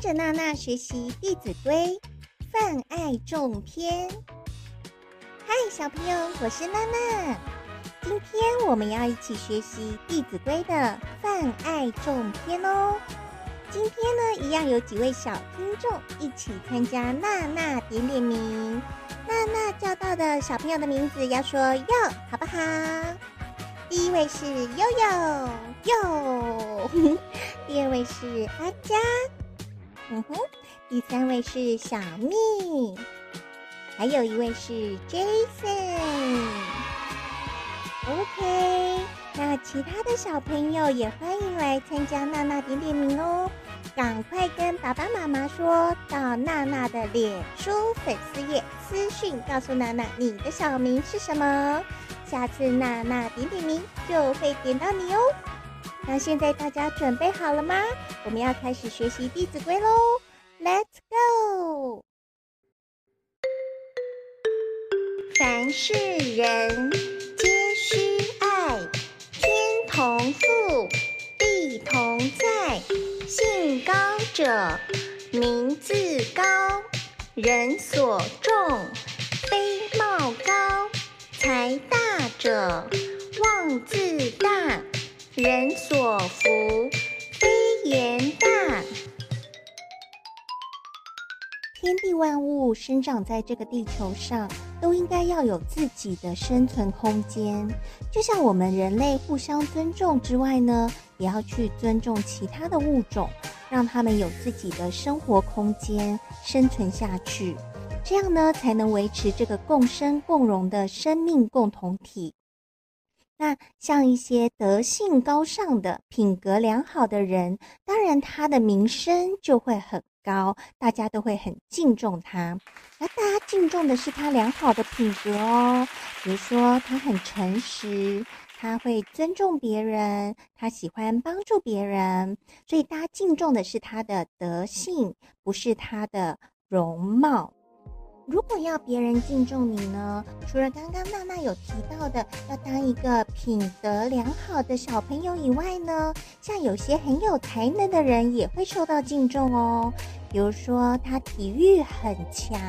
跟着娜娜學習《弟子規》，泛愛眾篇。嗨，小朋友，我是娜娜。今天我們要一起學習《弟子規》的泛愛眾篇哦。今天呢，一樣有幾位小聽眾一起參加娜娜點點名。娜娜叫到的小朋友的名字要說“喲”，好不好？第一位是悠悠 Yo，喲。 第二位是阿佳。嗯哼，第三位是小蜜，還有一位是 Jason。OK，那其他的小朋友也歡迎來參加娜娜點點名哦！趕快跟爸爸媽媽說到娜娜的臉書粉絲頁私訊，告訴娜娜你的小名是什麼，下次娜娜點點名就會點到你哦。那現在大家準備好了嗎？我們要開始學習《弟子規》嘍，Let's go！凡是人，皆須愛，天同覆，地同載。行高者，名自高，人所重，非貌高。才大者，望自大。人所服，非言大。天地萬物生長在這個地球上，都應該要有自己的生存空間。就像我們人類互相尊重之外呢，也要去尊重其他的物種，讓他們有自己的生活空間，生存下去。這樣呢，才能維持這個共生共榮的生命共同體。那像一些德性高尚的、品格良好的人，當然他的名聲就會很高，大家都會很敬重他。那大家敬重的是他良好的品格哦，比如說他很誠實，他會尊重別人，他喜歡幫助別人，所以大家敬重的是他的德性，不是他的容貌。如果要別人敬重你呢，除了剛剛娜娜有提到的，要當一個品德良好的小朋友以外呢，像有些很有才能的人也會受到敬重哦。比如說，他體育很強，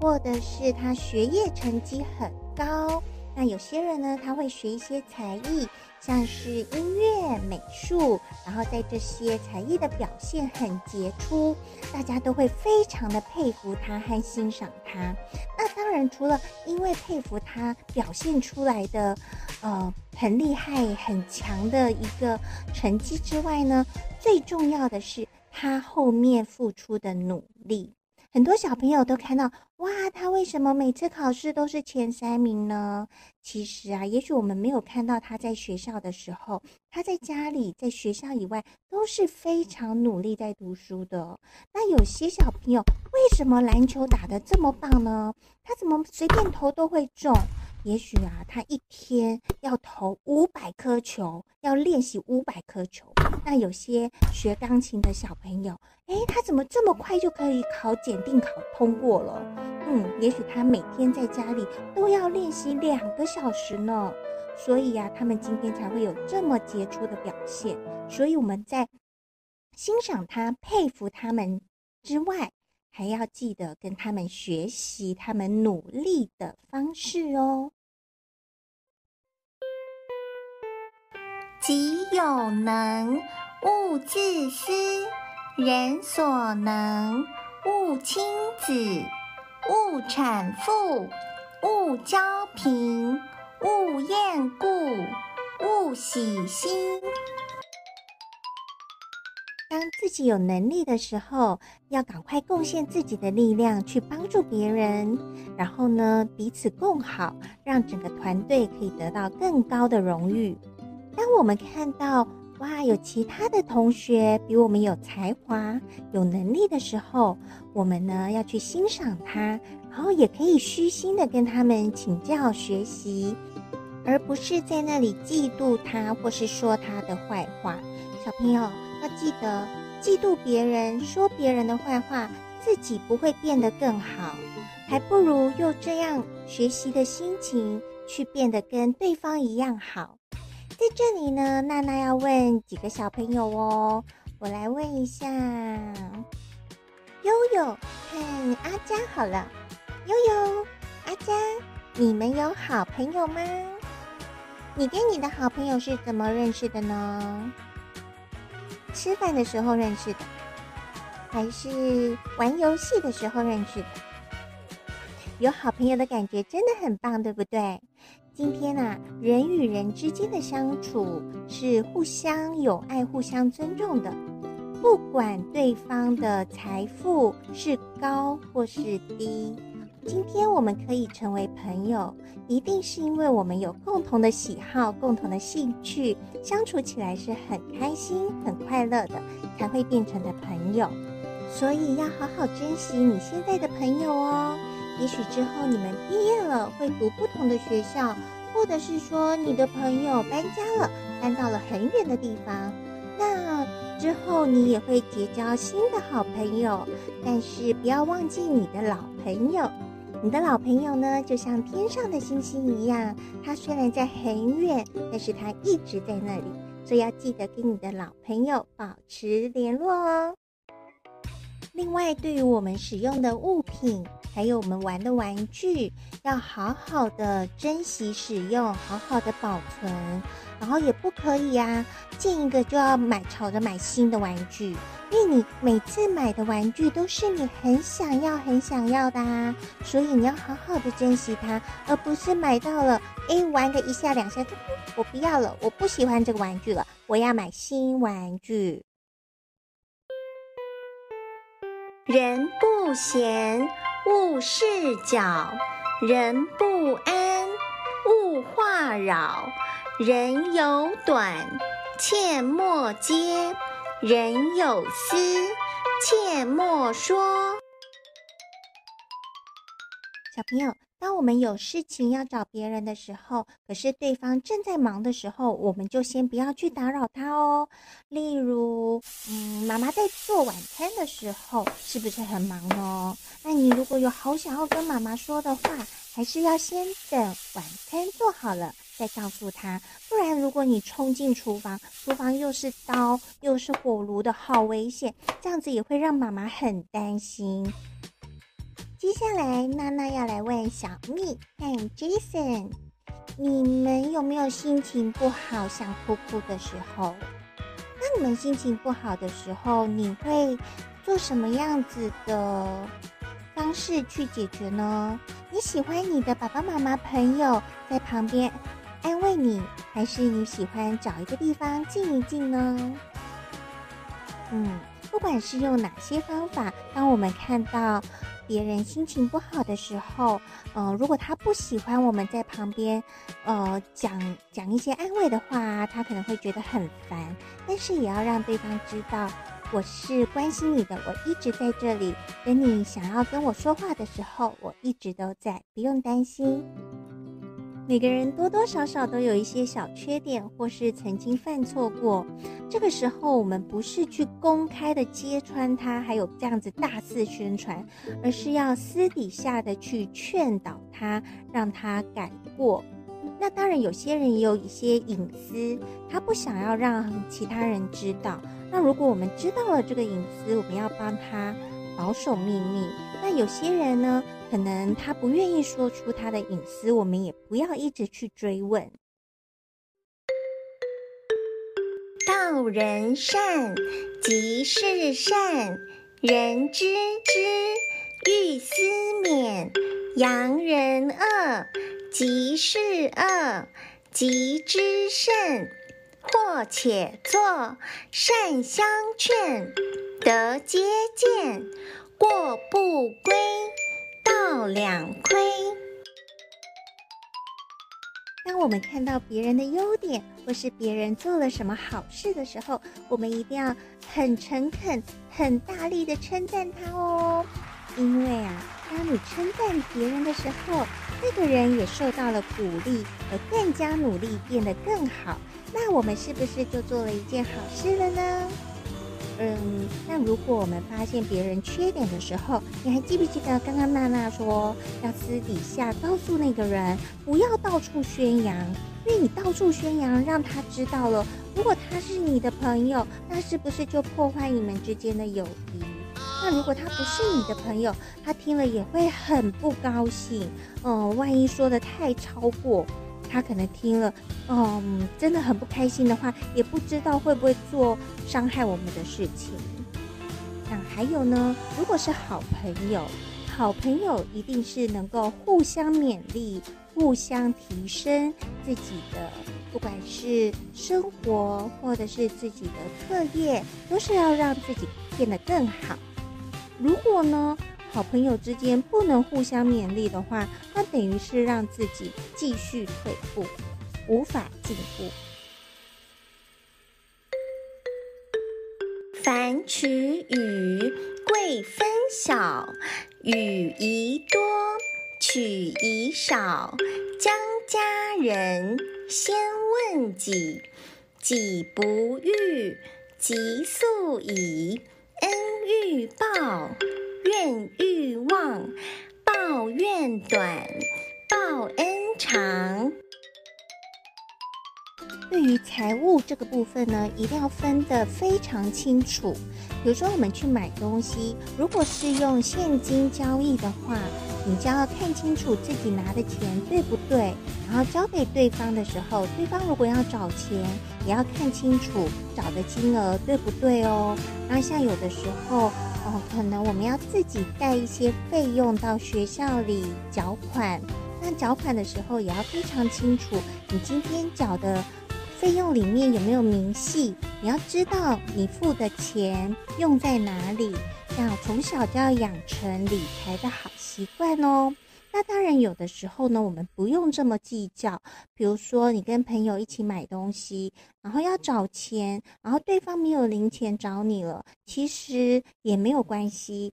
或者是他學業成績很高。那有些人呢，他會學一些才藝，像是音樂、美術，然後在這些才藝的表現很傑出，大家都會非常的佩服他和欣賞他。那當然，除了因為佩服他表現出來的，呃，很厲害、很強的一個成績之外呢，最重要的是他後面付出的努力。很多小朋友都看到，哇，他為什麼每次考試都是前三名呢？其實啊，也許我們沒有看到他在學校的時候，他在家裡，在學校以外都是非常努力在讀書的。那有些小朋友為什麼籃球打得這麼棒呢？他怎麼隨便投都會中？也許啊，他一天要投五百顆球，要練習五百顆球。那有些學鋼琴的小朋友，哎、欸，他怎麼這麼快就可以考檢定考通過了？嗯，也許他每天在家裡都要練習兩個小時呢。所以啊，他們今天才會有這麼傑出的表現。所以我們在欣賞他、佩服他們之外，還要記得跟他們學習他們努力的方式哦。己有能，勿自私；人所能，勿輕訾；勿諂富，勿驕貧；勿厭故，勿喜新。當自己有能力的時候，要趕快貢獻自己的力量去幫助別人，然後呢，彼此共好，讓整個團隊可以得到更高的榮譽。當我們看到哇，有其他的同學比我們有才華、有能力的時候，我們呢要去欣賞他，然後也可以虛心的跟他們請教學習，而不是在那裡嫉妒他或是說他的壞話。小朋友。要記得，嫉妒別人、說別人的壞話，自己不會變得更好，還不如用這樣學習的心情去變得跟對方一樣好。在這裡呢，娜娜要問幾個小朋友哦，我來問一下悠悠和阿佳好了，悠悠、阿佳，你們有好朋友嗎？你跟你的好朋友是怎麼認識的呢？吃飯的時候認識的，還是玩遊戲的時候認識的？有好朋友的感覺真的很棒，對不對？今天呢、啊，人與人之間的相處是互相友愛、互相尊重的，不管對方的財富是高或是低。今天我們可以成為朋友，一定是因為我們有共同的喜好、共同的興趣，相處起來是很開心、很快樂的，才會變成的朋友。所以要好好珍惜你現在的朋友哦。也許之後你們畢業了，會讀不同的學校，或者是說你的朋友搬家了，搬到了很遠的地方，那之後你也會結交新的好朋友，但是不要忘記你的老朋友。你的老朋友呢，就像天上的星星一樣，它雖然在很遠，但是它一直在那裡，所以要記得跟你的老朋友保持聯絡哦。另外，對於我們使用的物品，還有我們玩的玩具，要好好的珍惜使用，好好的保存。然後也不可以啊，見一個就要買，吵着買新的玩具。因為你每次買的玩具都是你很想要、很想要的，啊，所以你要好好的珍惜它，而不是買到了，誒，玩個一下兩下，我不要了，我不喜歡這個玩具了，我要買新玩具。人不閒，勿事攪；人不安，勿話擾；人有短，切莫揭；人有私，切莫說。小朋友。當我們有事情要找別人的時候，可是對方正在忙的時候，我們就先不要去打擾他哦。例如，嗯，媽媽在做晚餐的時候，是不是很忙哦？那你如果有好想要跟媽媽說的話，還是要先等晚餐做好了再告訴她。不然，如果你衝進廚房，廚房又是刀又是火爐的，好危險，這樣子也會讓媽媽很擔心。接下來，娜娜要來問小蜜和 Jason，你們有沒有心情不好想哭哭的時候？當你們心情不好的時候，你會做什麼樣子的方式去解決呢？你喜歡你的爸爸媽媽、朋友在旁邊安慰你，還是你喜歡找一個地方靜一靜呢？嗯，不管是用哪些方法，當我們看到別人心情不好的時候，嗯、呃，如果他不喜歡我們在旁邊，呃，講講一些安慰的話，他可能會覺得很煩。但是也要讓對方知道，我是關心你的，我一直在這裡。等你想要跟我說話的時候，我一直都在，不用擔心。每個人多多少少都有一些小缺點，或是曾經犯錯過。這個時候，我們不是去公開的揭穿他，還有這樣子大肆宣傳，而是要私底下的去勸導他，讓他改過。那當然，有些人也有一些隱私，他不想要讓其他人知道。那如果我們知道了這個隱私，我們要幫他保守秘密。那有些人呢？可能他不願意說出他的隱私，我們也不要一直去追問。道人善，即是善，人知之，愈思勉；揚人惡，即是惡，疾之甚，禍且作，善相勸，德皆建，過不規，兩虧。當我們看到別人的優點，或是別人做了什麼好事的時候，我們一定要很誠懇、很大力的稱讚他哦。因為啊，當你稱讚別人的時候，那個人也受到了鼓勵，而更加努力，變得更好。那我們是不是就做了一件好事了呢？嗯，那如果我們發現別人缺點的時候，你還記不記得剛剛娜娜說要私底下告訴那個人，不要到處宣揚，因為你到處宣揚，讓他知道了，如果他是你的朋友，那是不是就破壞你們之間的友誼？那如果他不是你的朋友，他聽了也會很不高興。嗯、呃，萬一說得太超過。他可能聽了，嗯，真的很不開心的話，也不知道會不會做傷害我們的事情。那、嗯、還有呢？如果是好朋友，好朋友一定是能夠互相勉勵、互相提升自己的，不管是生活或者是自己的課業，都是要讓自己變得更好。如果呢，好朋友之間不能互相勉勵的話，那等於是讓自己繼續退步，無法進步。凡取與，貴分曉。與宜多，取宜少。將家人，先問己，己不欲，即速矣。恩欲報。怨欲忘，報怨短，報恩長。對於財務這個部分呢，一定要分得非常清楚。比如說，我們去買東西，如果是用現金交易的話，你就要看清楚自己拿的錢對不對，然後交給對方的時候，對方如果要找錢，也要看清楚找的金額對不對哦。那像有的時候。哦，可能我們要自己帶一些費用到學校裡繳款。那繳款的時候也要非常清楚，你今天繳的費用裡面有沒有明細？你要知道你付的錢用在哪裡。要從小就要養成理財的好習慣哦。那當然，有的時候呢，我們不用這麼計較。比如說，你跟朋友一起買東西，然後要找錢，然後對方沒有零錢找你了，其實也沒有關係，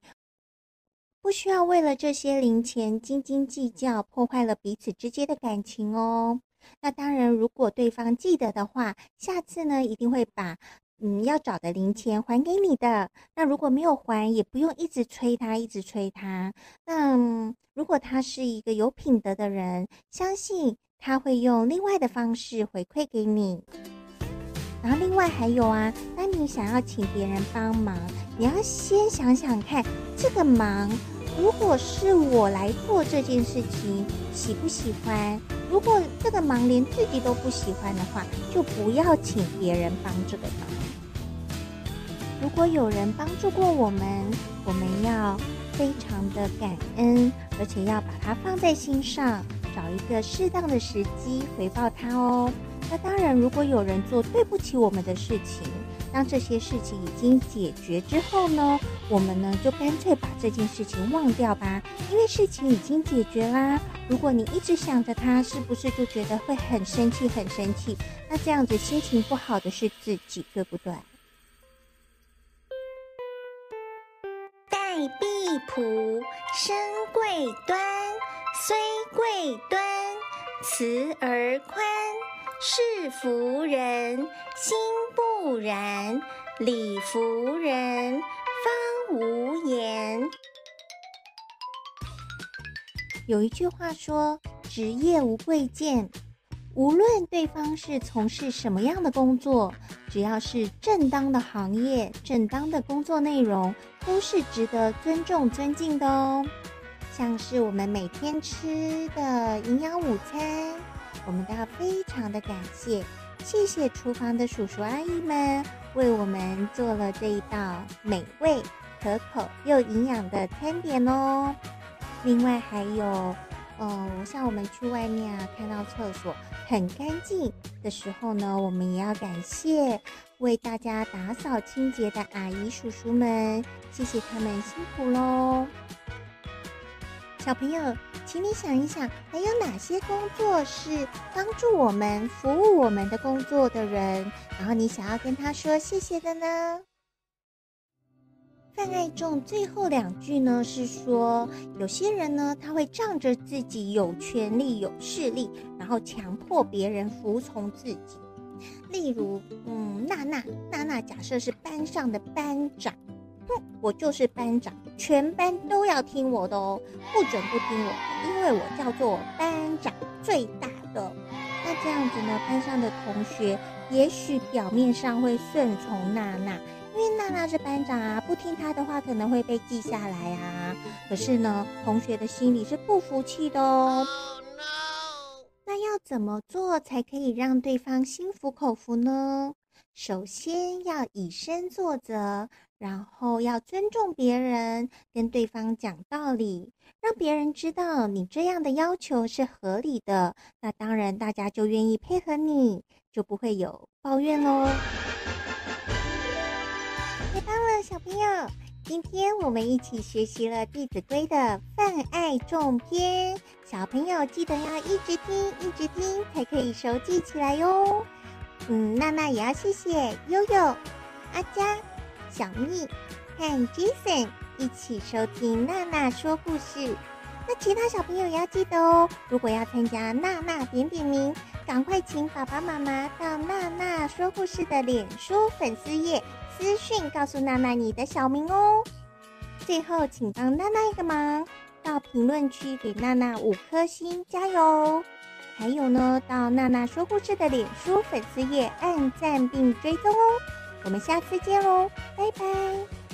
不需要為了這些零錢斤斤計較，破壞了彼此之間的感情哦。那當然，如果對方記得的話，下次呢，一定會把。嗯，要找的零錢還給你的。那如果沒有還，也不用一直催他，一直催他。那如果他是一個有品德的人，相信他會用另外的方式回饋給你。然後另外還有啊，當你想要請別人幫忙，你要先想想看這個忙。如果是我來做這件事情，喜不喜歡？如果這個忙連自己都不喜歡的話，就不要請別人幫這個忙。如果有人幫助過我們，我們要非常的感恩，而且要把它放在心上，找一個適當的時機回報他哦。那當然，如果有人做對不起我們的事情，當這些事情已經解決之後呢，我們呢就乾脆把這件事情忘掉吧，因為事情已經解決啦。如果你一直想着他，是不是就覺得會很生氣、很生氣？那這樣子心情不好的是自己，對不對？待婢僕，身貴端；雖貴端，慈而寬。勢服人，心不。不然，理服人，方無言。有一句話說：“職業無貴賤，無論對方是從事什麼樣的工作，只要是正當的行業、正當的工作內容，都是值得尊重、尊敬的哦。”像是我們每天吃的營養午餐，我們都要非常的感謝。謝謝廚房的叔叔阿姨們為我們做了這一道美味、可口又營養的餐點哦。另外還有，嗯、呃，像我們去外面啊，看到廁所很乾淨的時候呢，我們也要感謝為大家打掃清潔的阿姨叔叔們，謝謝他們辛苦嘍。小朋友，請你想一想，還有哪些工作是幫助我們、服務我們的工作的人？然後你想要跟他說謝謝的呢？汎愛眾最後兩句呢，是說有些人呢，他會仗着自己有權力、有勢力，然後強迫別人服從自己。例如，嗯，娜娜，娜娜假設是班上的班長。哼，我就是班長，全班都要聽我的哦，不准不聽我，因為我叫做班長最大的。那這樣子呢，班上的同學也許表面上會順從娜娜，因為娜娜是班長啊，不聽她的話可能會被記下來啊。可是呢，同學的心裡是不服氣的哦。Oh, no. 那要怎麼做才可以讓對方心服口服呢？首先要以身作則。然後要尊重別人，跟對方講道理，讓別人知道你這樣的要求是合理的。那當然，大家就願意配合你，就不會有抱怨嘍。太棒了，小朋友！今天我們一起學習了《弟子規》的“泛愛眾”篇，小朋友記得要一直聽，一直聽，才可以熟記起來喲、哦。嗯，娜娜也要謝謝悠悠、阿、啊、佳。小蜜、和 Jason 一起收聽娜娜說故事。那其他小朋友也要記得哦，如果要參加娜娜點點名，趕快請爸爸媽媽到娜娜說故事的臉書粉絲頁私訊告訴娜娜你的小名哦。最後，請幫娜娜一個忙，到評論區給娜娜五顆星，加油！還有呢，到娜娜說故事的臉書粉絲頁按讚並追蹤哦。我們下次見嘍，哦，拜拜。